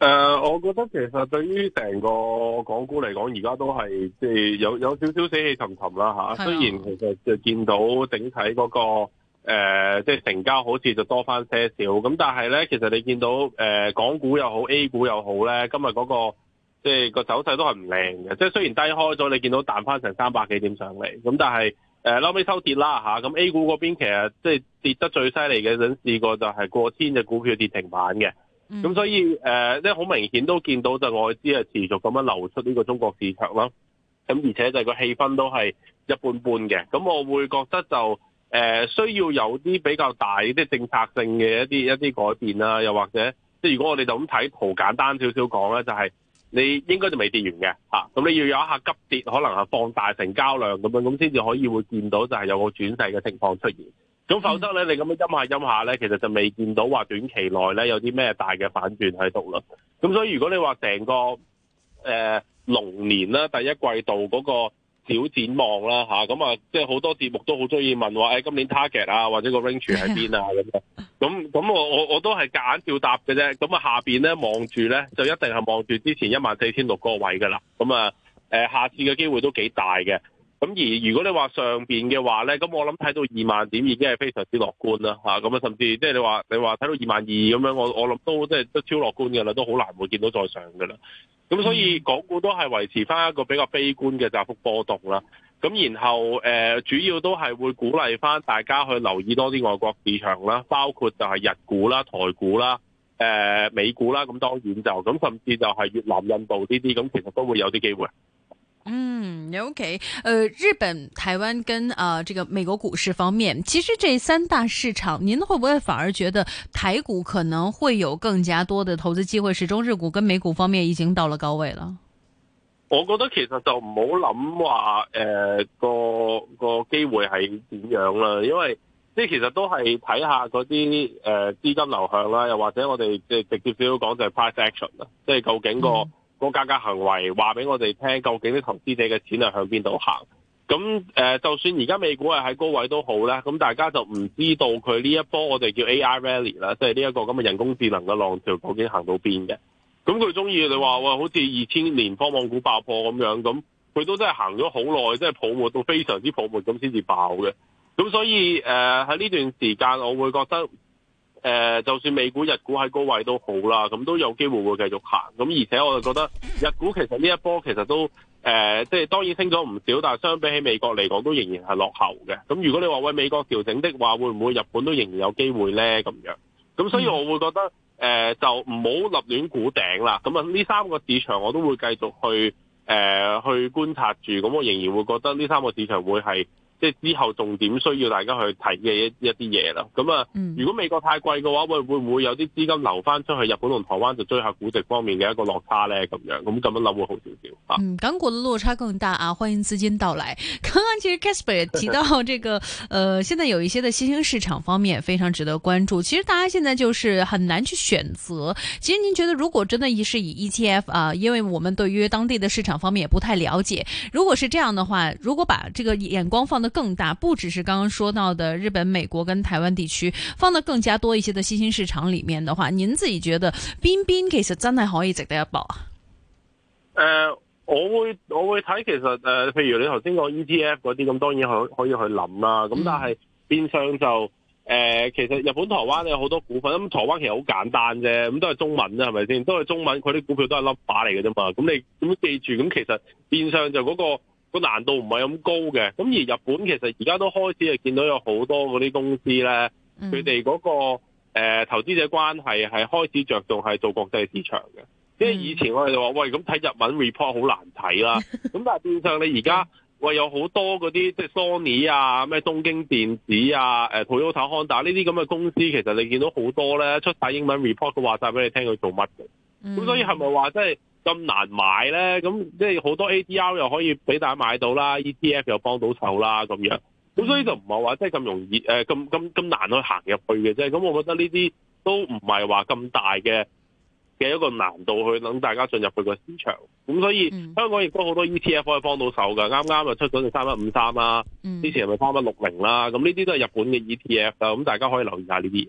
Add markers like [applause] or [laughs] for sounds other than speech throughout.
誒、呃，我覺得其實對於成個港股嚟講，而家都係即係有有少少死氣沉沉啦吓、啊。雖然其實就見到整體嗰、那個誒、即、呃、係、就是、成交好似就多翻些少。咁但係咧，其實你見到誒、呃、港股又好，A 股又好咧，今日嗰、那個即係、就是這個走勢都係唔靚嘅。即係雖然低開咗，你見到彈翻成三百幾點上嚟。咁但係誒，攞尾、呃、收跌啦吓。咁、啊、A 股嗰邊其實即係、就是、跌得最犀利嗰陣，試過就係過千隻股票跌停板嘅。咁所以即好、呃、明顯都見到就外資係持續咁樣流出呢個中國市場啦。咁而且就係個氣氛都係一般般嘅。咁我會覺得就誒、呃、需要有啲比較大啲政策性嘅一啲一啲改變啦。又或者即係如果我哋就咁睇圖簡單少少講咧，就係、是、你應該就未跌完嘅。咁、啊、你要有一下急跌，可能係放大成交量咁樣，咁先至可以會見到就係有個轉勢嘅情況出現。咁否則咧，你咁樣陰下陰下咧，其實就未見到話短期內咧有啲咩大嘅反轉喺度啦。咁所以如果你話成個誒龍、呃、年啦，第一季度嗰個小展望啦，咁啊，即係好多節目都好中意問話、欸、今年 target 啊或者個 range 喺邊啊咁樣。咁 [laughs] 咁我我我都係夾硬答嘅啫。咁啊下面咧望住咧就一定係望住之前一萬四千六個個位噶啦。咁啊、呃、下次嘅機會都幾大嘅。咁而如果你話上面嘅話呢，咁我諗睇到二萬點已經係非常之樂觀啦，咁啊，甚至即係、就是、你話你話睇到二萬二咁樣，我我諗都即係都超樂觀嘅啦，都好難會見到再上嘅啦。咁所以港股都係維持翻一個比較悲觀嘅窄幅波動啦。咁然後誒、呃，主要都係會鼓勵翻大家去留意多啲外國市場啦，包括就係日股啦、台股啦、誒、呃、美股啦，咁當然就咁，甚至就係越南、印度呢啲，咁其實都會有啲機會。嗯，OK，誒、呃，日本、台灣跟啊、呃，這個美國股市方面，其實這三大市場，您會不會反而覺得台股可能會有更加多的投資機會？始終日股跟美股方面已經到了高位了。我覺得其實就唔好諗話誒個個機會係點樣啦，因為即係其實都係睇下嗰啲誒資金流向啦，又或者我哋即係直接少少講就係 price action 啦，即係究竟個，嗯個價格行為話俾我哋聽，究竟啲投資者嘅錢係向邊度行？咁誒，就算而家美股係喺高位都好咧，咁大家就唔知道佢呢一波我哋叫 A.I. rally 啦，即係呢一個咁嘅人工智能嘅浪潮究竟行到邊嘅？咁佢鍾意你話喂，好似二千年科網股爆破咁樣咁，佢都真係行咗好耐，即係泡沫到非常之泡沫咁先至爆嘅。咁所以誒，喺呢段時間，我會覺得。誒、呃，就算美股日股喺高位都好啦，咁都有機會會繼續行。咁而且我就覺得日股其實呢一波其實都誒，即、呃、係、就是、當然升咗唔少，但係相比起美國嚟講，都仍然係落後嘅。咁如果你話為美國調整的話，會唔會日本都仍然有機會呢？咁樣咁，所以我會覺得誒、嗯呃，就唔好立亂估頂啦。咁啊，呢三個市場我都會繼續去誒、呃、去觀察住。咁我仍然會覺得呢三個市場會係。即係之後重點需要大家去睇嘅一一啲嘢啦，咁啊，如果美國太貴嘅話，喂，會唔會有啲資金流翻出去日本同台灣就追下估值方面嘅一個落差呢？咁樣咁咁樣諗會好少少。嗯，港股嘅落差更大啊，歡迎資金到來。剛剛其實 Casper 也提到，這個， [laughs] 呃，現在有一些的新興市場方面非常值得關注。其實大家現在就是很難去選擇。其實您覺得如果真係，是以 ETF 啊，因為我們對於當地的市場方面也不太了解。如果是這樣的話，如果把這個眼光放到更大，不只是剛剛說到的日本、美國跟台灣地區，放得更加多一些的新興市場裏面的話，您自己覺得，邊邊其實真係可以值得一搏啊？誒、呃，我會我會睇其實誒、呃，譬如你頭先講 ETF 嗰啲，咁當然可以可以去諗啦。咁但係變、嗯、相就誒、呃，其實日本台灣有好多股份，咁台灣其實好簡單啫，咁都係中文啫，係咪先？都係中文，佢啲股票都係 number 嚟嘅啫嘛。咁你點記住，咁其實變相就嗰、那個。個難度唔係咁高嘅，咁而日本其實而家都開始係見到有好多嗰啲公司咧，佢哋嗰個、呃、投資者關係係開始着重係做國際市場嘅、嗯。即係以前我哋就話喂，咁睇日文 report 好難睇啦。咁 [laughs] 但係變相你而家喂有好多嗰啲即係 Sony 啊、咩東京電子啊、誒 Panasonic 呢啲咁嘅公司，其實你見到好多咧出晒英文 report，佢話晒俾你聽佢做乜嘅。咁、嗯、所以係咪話真係？咁難買咧，咁即係好多 ADR 又可以俾大家買到啦，ETF 又幫到手啦，咁樣，咁所以就唔係話即係咁容易，誒，咁咁咁難去行入去嘅啫。咁我覺得呢啲都唔係話咁大嘅嘅一個難度去等大家進入去個市場。咁所以、嗯、香港亦都好多 ETF 可以幫到手㗎。啱啱就出咗隻三一五三啦，之前係咪三一六零啦？咁呢啲都係日本嘅 ETF，咁、啊、大家可以留意下呢啲嘢。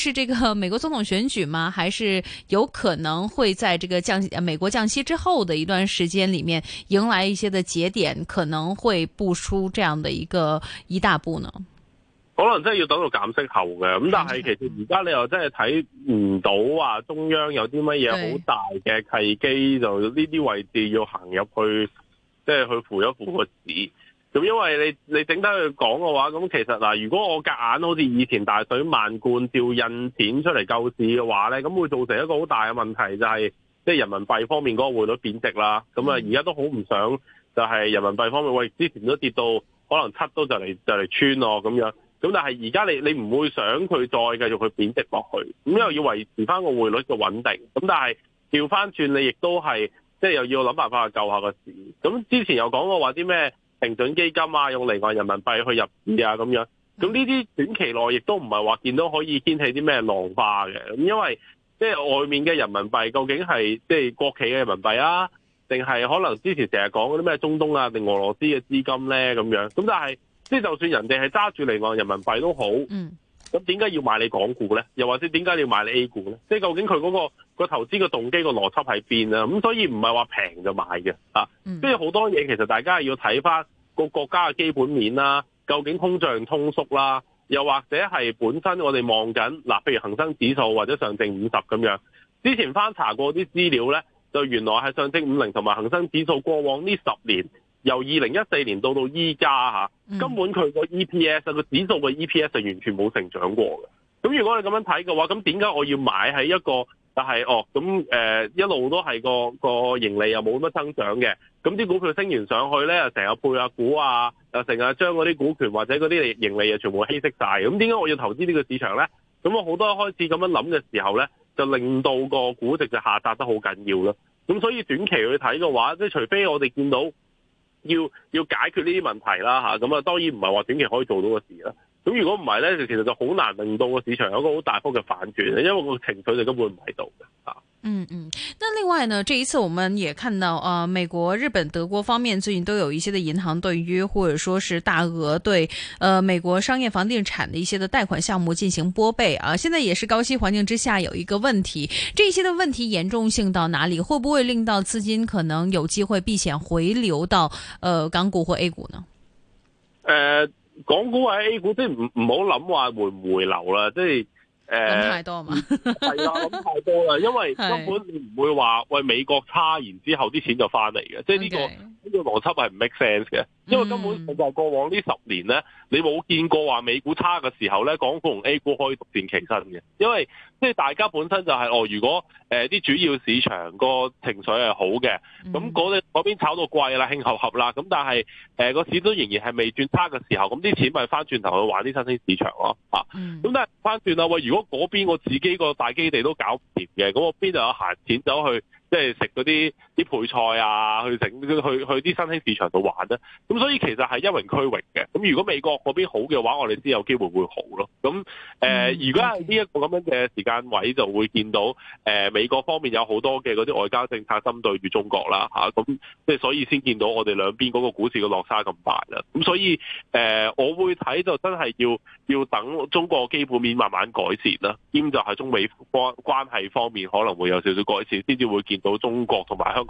是這個美國總統選舉嗎？還是有可能會在這個降美國降息之後的一段時間裏面，迎來一些的節點，可能會步出這樣的一個一大步呢？可能真係要等到減息後嘅，咁但係其實而家你又真係睇唔到話中央有啲乜嘢好大嘅契機，就呢啲位置要行入去，即、就、係、是、去扶一扶個市。咁，因為你你整得佢講嘅話，咁其實嗱，如果我隔硬好似以前大水漫灌，照印錢出嚟救市嘅話咧，咁會造成一個好大嘅問題，就係即係人民幣方面嗰個匯率貶值啦。咁啊，而家都好唔想就係人民幣方面，喂、哎，之前都跌到可能七都就嚟就嚟穿咯咁樣。咁但係而家你你唔會想佢再繼續去貶值落去，咁因為要維持翻個匯率嘅穩定。咁但係調翻轉，你亦都係即係又要諗辦法去救下個市。咁之前又講過話啲咩？平準基金啊，用離岸人民幣去入市啊，咁樣咁呢啲短期內亦都唔係話見到可以掀起啲咩浪花嘅，咁因為即係外面嘅人民幣究竟係即係國企嘅人民幣啊，定係可能之前成日講嗰啲咩中東啊定俄羅斯嘅資金咧咁樣，咁但係即係就算人哋係揸住離岸人民幣都好，嗯，咁點解要買你港股咧？又或者點解要買你 A 股咧？即係究竟佢嗰個個投資個動機個邏輯喺邊啊？咁所以唔係話平就買嘅啊。即係好多嘢其實大家係要睇翻個國家嘅基本面啦，究竟通脹通縮啦，又或者係本身我哋望緊嗱，譬如恒生指數或者上證五十咁樣。之前翻查過啲資料咧，就原來係上證五零同埋恒生指數過往呢十年，由二零一四年到到依家嚇，根本佢個 E P S 啊指數個 E P S 係完全冇成長過嘅。咁如果你咁樣睇嘅話，咁點解我要買喺一個？但係哦，咁誒、呃、一路都係個個盈利又冇乜增長嘅，咁啲股票升完上去咧，又成日配下、啊、股啊，又成日將嗰啲股權或者嗰啲盈利又全部稀釋晒。咁點解我要投資呢個市場咧？咁我好多開始咁樣諗嘅時候咧，就令到個估值就下殺得好緊要咯。咁所以短期去睇嘅話，即係除非我哋見到要要解決呢啲問題啦吓，咁啊當然唔係話短期可以做到嘅事啦。咁如果唔係呢，就其實就好難令到個市場有一個好大幅嘅反轉，因為個情緒就根本唔喺度嘅啊。嗯嗯，那另外呢，這一次我們也看到，啊、呃，美國、日本、德國方面最近都有一些的銀行對於或者說是大額對，呃，美國商業房地產的一些的貸款項目進行撥備啊。現在也是高息環境之下有一個問題，這些的問題嚴重性到哪裏？會不會令到資金可能有機會避險回流到，呃，港股或 A 股呢？呃港股喺 A 股，即係唔，唔好諗話回唔回流啦，即係誒，諗、呃、太多啊嘛，係 [laughs] 啊，諗太多啦，因為根本你唔會話喂美國差，然之後啲錢就翻嚟嘅，即係、這、呢個。Okay. 呢、這個邏輯係唔 make sense 嘅，因為根本喺過往呢十年咧，你冇見過話美股差嘅時候咧，港股同 A 股可以獨善其身嘅。因為即係、就是、大家本身就係、是，哦，如果誒啲、呃、主要市場個情緒係好嘅，咁嗰嗰邊炒到貴啦，興合合啦，咁但係誒個市都仍然係未轉差嘅時候，咁啲錢咪翻轉頭去玩啲新興市場咯。啊，咁、嗯、但係翻轉啦，喂，如果嗰邊我自己個大基地都搞唔掂嘅，咁我邊度有閒錢走去即係食嗰啲？啲配菜啊，去整去去啲新興市場度玩咧，咁所以其實係一榮俱榮嘅。咁如果美國嗰邊好嘅話，我哋先有機會會好咯。咁誒、呃，如果係呢一個咁樣嘅時間位，就會見到誒、呃、美國方面有好多嘅嗰啲外交政策針對住中國啦，吓咁即係所以先見到我哋兩邊嗰個股市嘅落差咁大啦。咁所以誒、呃，我會睇，就真係要要等中國基本面慢慢改善啦，兼就係中美關關係方面可能會有少少改善，先至會見到中國同埋香港。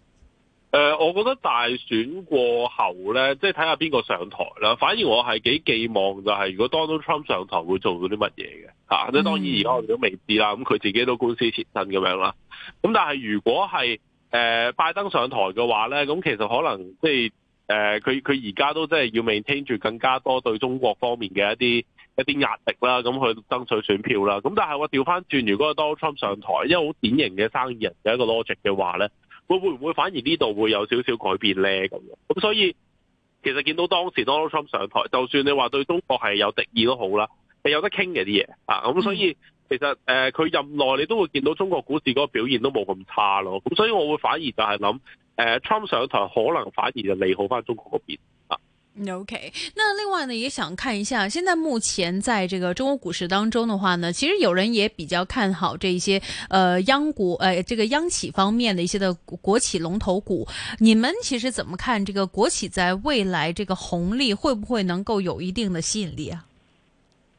誒、呃，我覺得大選過後咧，即係睇下邊個上台啦。反而我係幾寄望就係，如果 Donald Trump 上台會做到啲乜嘢嘅嚇。即、啊嗯、當然而家我哋都未知啦。咁、嗯、佢自己都官司纏身咁樣啦。咁、嗯、但係如果係誒、呃、拜登上台嘅話咧，咁、嗯、其實可能即係誒佢佢而家都即係要 maintain 住更加多對中國方面嘅一啲一啲壓力啦。咁、嗯、去爭取選票啦。咁、嗯、但係我調翻轉，如果 Donald Trump 上台，因為好典型嘅生意人嘅一個 logic 嘅話咧。會唔會反而呢度會有少少改變呢？咁樣咁，所以其實見到當時 Donald Trump 上台，就算你話對中國係有敵意都好啦，係有得傾嘅啲嘢啊。咁所以、嗯、其實誒佢、呃、任內你都會見到中國股市嗰個表現都冇咁差咯。咁所以我會反而就係諗誒 Trump 上台可能反而就利好翻中國嗰邊。O、okay. K，那另外呢，也想看一下，現在目前在這個中國股市當中的話呢，其實有人也比較看好這些，呃，央股，呃，這個央企方面的一些的國企龍頭股，你們其實怎麼看這個國企在未來這個紅利會不會能夠有一定的吸引力啊？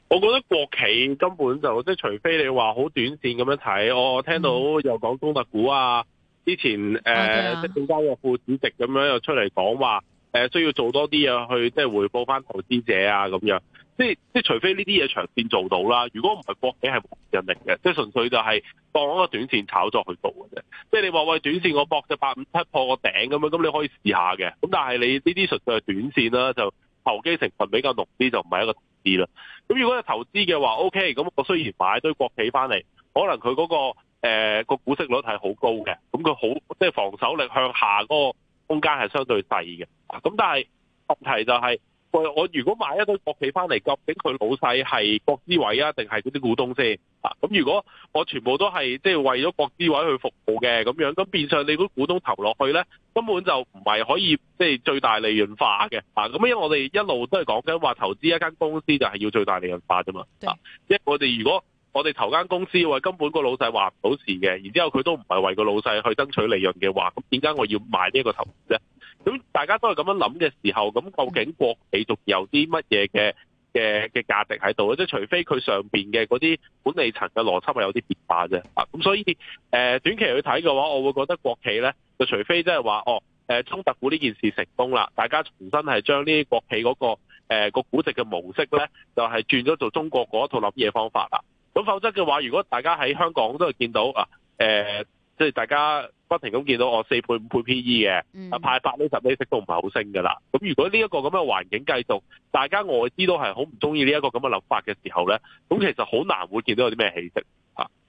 我覺得國企根本就即係，除非你話好短綫咁樣睇，我聽到又講中特股啊，嗯、之前誒、呃啊啊，即係國家嘅副主席咁樣又出嚟講話。誒需要做多啲呀，去即係回報翻投資者啊咁樣，即係即係除非呢啲嘢長線做到啦。如果唔係國企係冇人嚟嘅，即係純粹就係當一個短線炒作去做嘅啫。即係你話喂短線我博隻八五七破個頂咁樣，咁你可以試下嘅。咁但係你呢啲純粹係短線啦，就投機成分比較濃啲，就唔係一個投資啦。咁如果係投資嘅話，OK，咁我雖然買一堆國企翻嚟，可能佢嗰、個誒、呃、個股息率係好高嘅，咁佢好即係防守力向下嗰、個。空間係相對細嘅，咁但係問題就係、是、我我如果買一堆國企翻嚟，究竟佢老細係國資委啊，定係嗰啲股東先？咁如果我全部都係即係為咗國資委去服務嘅咁樣，咁變相你嗰啲股東投落去呢，根本就唔係可以即係、就是、最大利潤化嘅咁、啊、因為我哋一路都係講緊話投資一間公司就係要最大利潤化啫嘛啊！即係我哋如果。我哋投間公司，或根本個老細話唔到事嘅，然之後佢都唔係為個老細去爭取利潤嘅話，咁點解我要買呢一個投資咧？咁大家都係咁樣諗嘅時候，咁究竟國企仲有啲乜嘢嘅嘅嘅價值喺度咧？即係除非佢上面嘅嗰啲管理層嘅邏輯係有啲變化啫啊！咁所以啲、呃、短期去睇嘅話，我會覺得國企咧就除非即係話哦誒中、呃、特股呢件事成功啦，大家重新係將呢啲國企嗰、嗰個誒估、呃、值嘅模式咧就係轉咗做中國嗰套諗嘢方法啦。咁否則嘅話，如果大家喺香港都係見到啊，即、呃、係、就是、大家不停咁見到我四倍、五倍 P E 嘅，啊、嗯、派八厘十厘息都唔係好升㗎啦。咁如果呢一個咁嘅環境繼續，大家外資都係好唔中意呢一個咁嘅諗法嘅時候咧，咁其實好難會見到有啲咩起色。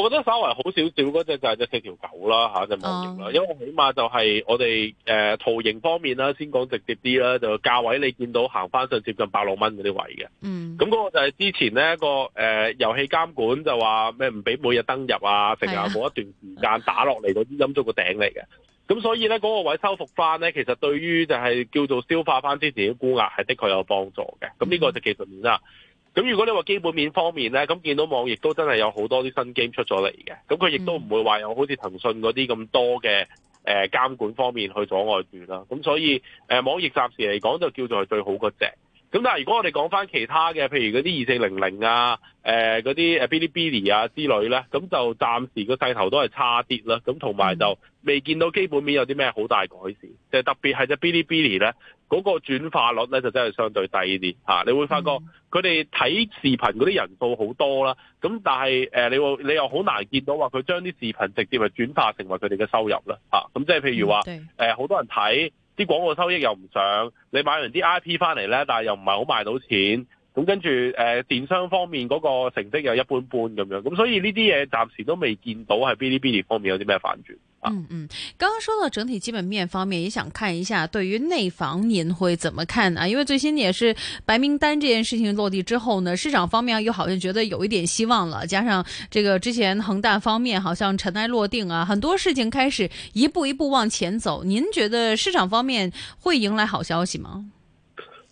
我覺得稍微好少少嗰隻就係隻四條狗啦嚇，隻網頁啦、啊，因為起碼就係我哋誒、呃、圖形方面啦，先講直接啲啦，就價位你見到行翻上接近百六蚊嗰啲位嘅，咁、嗯、嗰、那個就係之前呢個誒、呃、遊戲監管就話咩唔俾每日登入啊剩啊冇一段時間打落嚟嗰啲陰足個頂嚟嘅，咁所以咧嗰、那個位收復翻咧，其實對於就係叫做消化翻之前啲沽壓係的確有幫助嘅，咁呢個就係技術面啦。嗯咁如果你話基本面方面咧，咁見到網易都真係有，有好多啲新 game 出咗嚟嘅，咁佢亦都唔會話有好似騰訊嗰啲咁多嘅誒監管方面去阻礙住啦，咁所以誒網易暫時嚟講就叫做係最好嗰隻。咁但係如果我哋講翻其他嘅，譬如嗰啲二四零零啊，誒、呃、嗰啲 Bilibili 啊之類呢，咁就暫時個勢頭都係差啲啦。咁同埋就未見到基本面有啲咩好大改善，就、特別係隻 Bilibili 呢，嗰、嗰個轉化率呢，就真係相對低啲吓。你會發覺佢哋睇視頻嗰啲人數好多啦，咁但係誒你你又好難見到話佢將啲視頻直接咪轉化成為佢哋嘅收入啦吓。咁即係譬如話好、嗯呃、多人睇。啲廣告收益又唔上，你買完啲 IP 翻嚟咧，但係又唔係好賣到錢，咁跟住誒電商方面嗰個成績又一般般咁樣，咁所以呢啲嘢暫時都未見到係 Bilibili 方面有啲咩反轉。嗯嗯，剛剛說到整體基本面方面，也想看一下對於內房您會怎麼看啊？因為最新也是白名單這件事情落地之後呢，市場方面又好像覺得有一點希望了，加上這個之前恒大方面好像塵埃落定啊，很多事情開始一步一步往前走。您覺得市場方面會迎來好消息嗎？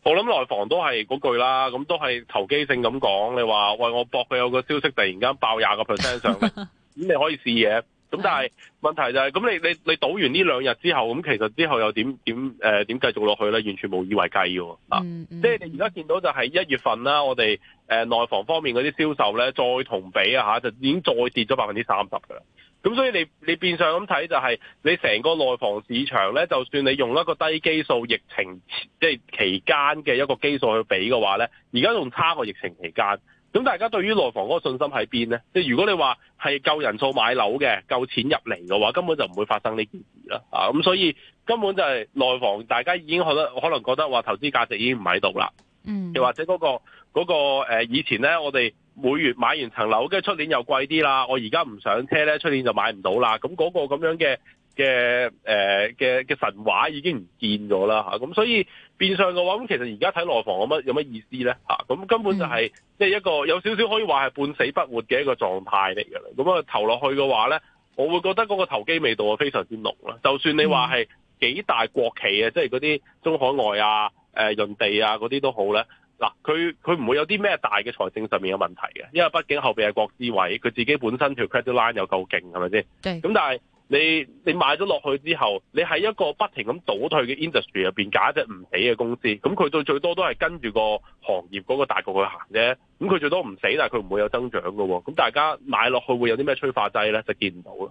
我諗內房都係嗰句啦，咁都係投機性咁講。你話喂，我搏佢有個消息突然間爆廿個 percent 上，咁、 [laughs] 嗯、你可以試嘅。咁但係問題就係、是，咁你你你賭完呢兩日之後，咁其實之後又點點誒點繼續落去咧？完全無以為繼㗎，啊、嗯嗯！即係你而家見到就係一月份啦，我哋誒、呃、內房方面嗰啲銷售咧，再同比啊吓，就已經再跌咗百分之三十噶啦。咁所以你你變相咁睇就係、是，你成個內房市場咧，就算你用一個低基數疫情，即係期間嘅一個基數去比嘅話咧，而家仲差過疫情期間。咁大家對於內房嗰個信心喺邊呢？即係如果你話係夠人數買樓嘅，夠錢入嚟嘅話，根本就唔會發生呢件事啦。吓。咁所以根本就係內房，大家已經覺得可能覺得話投資價值已經唔喺度啦。嗯。又或者嗰個嗰個誒以前呢，我哋每月買完層樓，跟住出年又貴啲啦。我而家唔上車呢，出年就買唔到啦。咁嗰個咁樣嘅嘅誒嘅嘅神話已經唔見咗啦。吓。咁所以。變相嘅話，咁其實而家睇內房有乜有乜意思咧？吓，咁根本就係即係一個有少少可以話係半死不活嘅一個狀態嚟噶啦。咁啊投落去嘅話咧，我會覺得嗰個投機味道啊非常之濃啦。就算你話係幾大國企啊，即係嗰啲中海外啊、誒、呃、潤地啊嗰啲都好咧。嗱，佢佢唔會有啲咩大嘅財政上面嘅問題嘅，因為畢竟後邊係國資委，佢自己本身條 credit line 又夠勁，係咪先？對。咁但係。你你買咗落去之後，你喺一個不停咁倒退嘅 industry 入邊，揀一隻唔死嘅公司，咁佢到最多都係跟住個行業嗰個大局去行啫。咁佢最多唔死，但係佢唔會有增長嘅。咁大家買落去會有啲咩催化劑咧？就見唔到咯。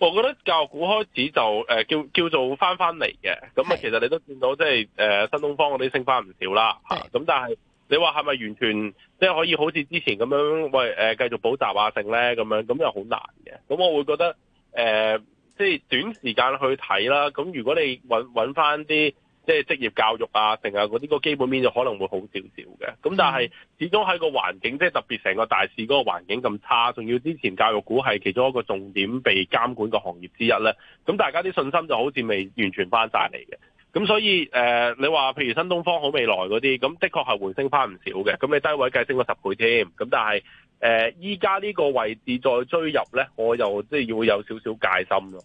我覺得教育股開始就誒、呃、叫叫做翻翻嚟嘅，咁啊其實你都見到即係誒新東方嗰啲升翻唔少啦吓，咁、啊、但係你話係咪完全即係、就是、可以好似之前咁樣喂誒、呃、繼續補習啊剩咧咁樣，咁又好難嘅。咁我會覺得誒、呃、即係短時間去睇啦，咁如果你搵搵翻啲。即係職業教育啊，定係嗰啲個基本面就可能會好少少嘅。咁但係始終喺個環境，即係特別成個大市嗰個環境咁差，仲要之前教育股係其中一個重點被監管嘅行業之一咧。咁大家啲信心就好似未完全翻晒嚟嘅。咁所以誒、呃，你話譬如新東方、好未來嗰啲，咁的確係回升翻唔少嘅。咁你低位計升咗十倍添。咁但係誒，依家呢個位置再追入咧，我又即係、就是、要有少少戒心咯。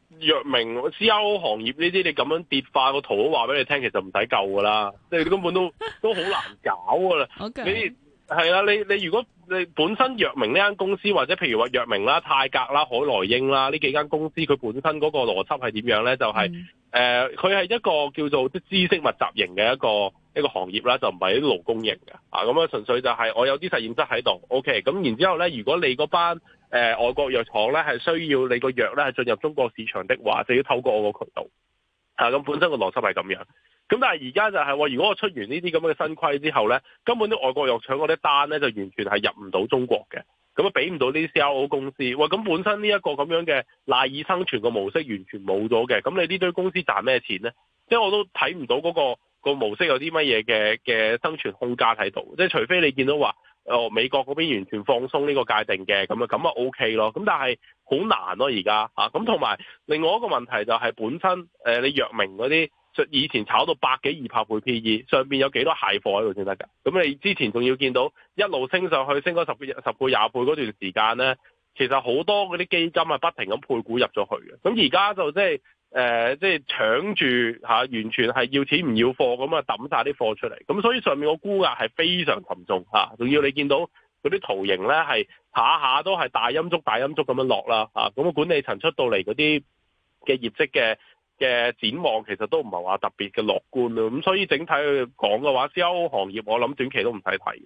藥明 CRO 行業呢啲你咁樣跌化個圖都話俾你聽，其實唔使救噶啦，即係你根本都都好難搞噶啦。 [laughs] 你係啊，你你如果你本身藥明呢間公司，或者譬如話藥明啦、泰格啦、海萊英啦呢幾間公司，佢本身嗰個邏輯係點樣咧？就係、是、誒，佢、嗯、係、呃、一個叫做啲知識密集型嘅一個一個行業啦，就唔係啲勞工型嘅啊。咁啊，純粹就係、是、我有啲實驗室喺度。O K，咁然之後咧，如果你嗰班誒、呃，外國藥廠咧係需要你個藥咧係進入中國市場的話，就要透過我個渠道。咁、啊、本身個邏輯係咁樣。咁但係而家就係、是、話，如果我出完呢啲咁嘅新規之後咧，根本啲外國藥廠嗰啲單咧就完全係入唔到中國嘅。咁啊，俾唔到啲 CRO 公司。喂、哎、咁本身呢一個咁樣嘅賴以生存嘅模式完全冇咗嘅。咁你呢堆公司賺咩錢咧？即係我都睇唔到嗰、那個個模式有啲乜嘢嘅嘅生存空間喺度。即係除非你見到話。哦，美國嗰邊完全放鬆呢個界定嘅，咁、OK、啊咁啊 O K 咯，咁但係好難咯而家嚇，咁同埋另外一個問題就係本身誒、呃、你藥明嗰啲，以前炒到百幾二百倍 P E，上面有幾多蟹貨喺度先得㗎？咁你之前仲要見到一路升上去，升嗰十,十倍十倍廿倍嗰段時間咧，其實好多嗰啲基金係不停咁配股入咗去嘅，咁而家就即係。誒、呃，即係搶住吓，完全係要錢唔要貨咁啊，抌晒啲貨出嚟。咁所以上面個沽壓係非常沉重吓，仲、啊、要你見到嗰啲圖形咧係下下都係大陰燭、大陰燭咁樣落啦啊！咁、啊、管理層出到嚟嗰啲嘅業績嘅嘅展望，其實都唔係話特別嘅樂觀咯。咁所以整體去講嘅話，C O 行業我諗短期都唔使睇嘅。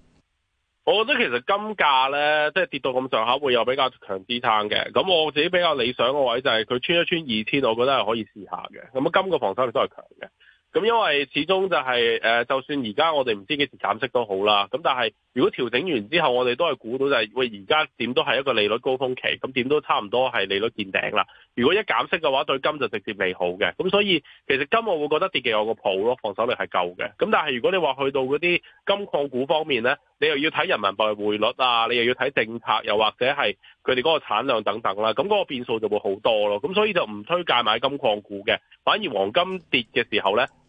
我覺得其實金價呢，即係跌到咁上下，會有比較強支撐嘅。咁我自己比較理想個位就係佢穿一穿二千，我覺得係可以試下嘅。咁啊，金嘅防守力都係強嘅。咁因為始終就係呃，就算而家我哋唔知幾時減息都好啦。咁但係，如果調整完之後，我哋都係估到就係、是，喂而家點都係一個利率高峰期，咁點都差唔多係利率見頂啦。如果一減息嘅話，對金就直接利好嘅。咁所以其實金我會覺得跌嘅有個譜咯，防守力係夠嘅。咁但係如果你話去到嗰啲金礦股方面咧，你又要睇人民幣匯率啊，你又要睇政策，又或者係佢哋嗰個產量等等啦、啊。咁嗰個變數就會好多咯。咁所以就唔推介買金礦股嘅，反而黃金跌嘅時候咧。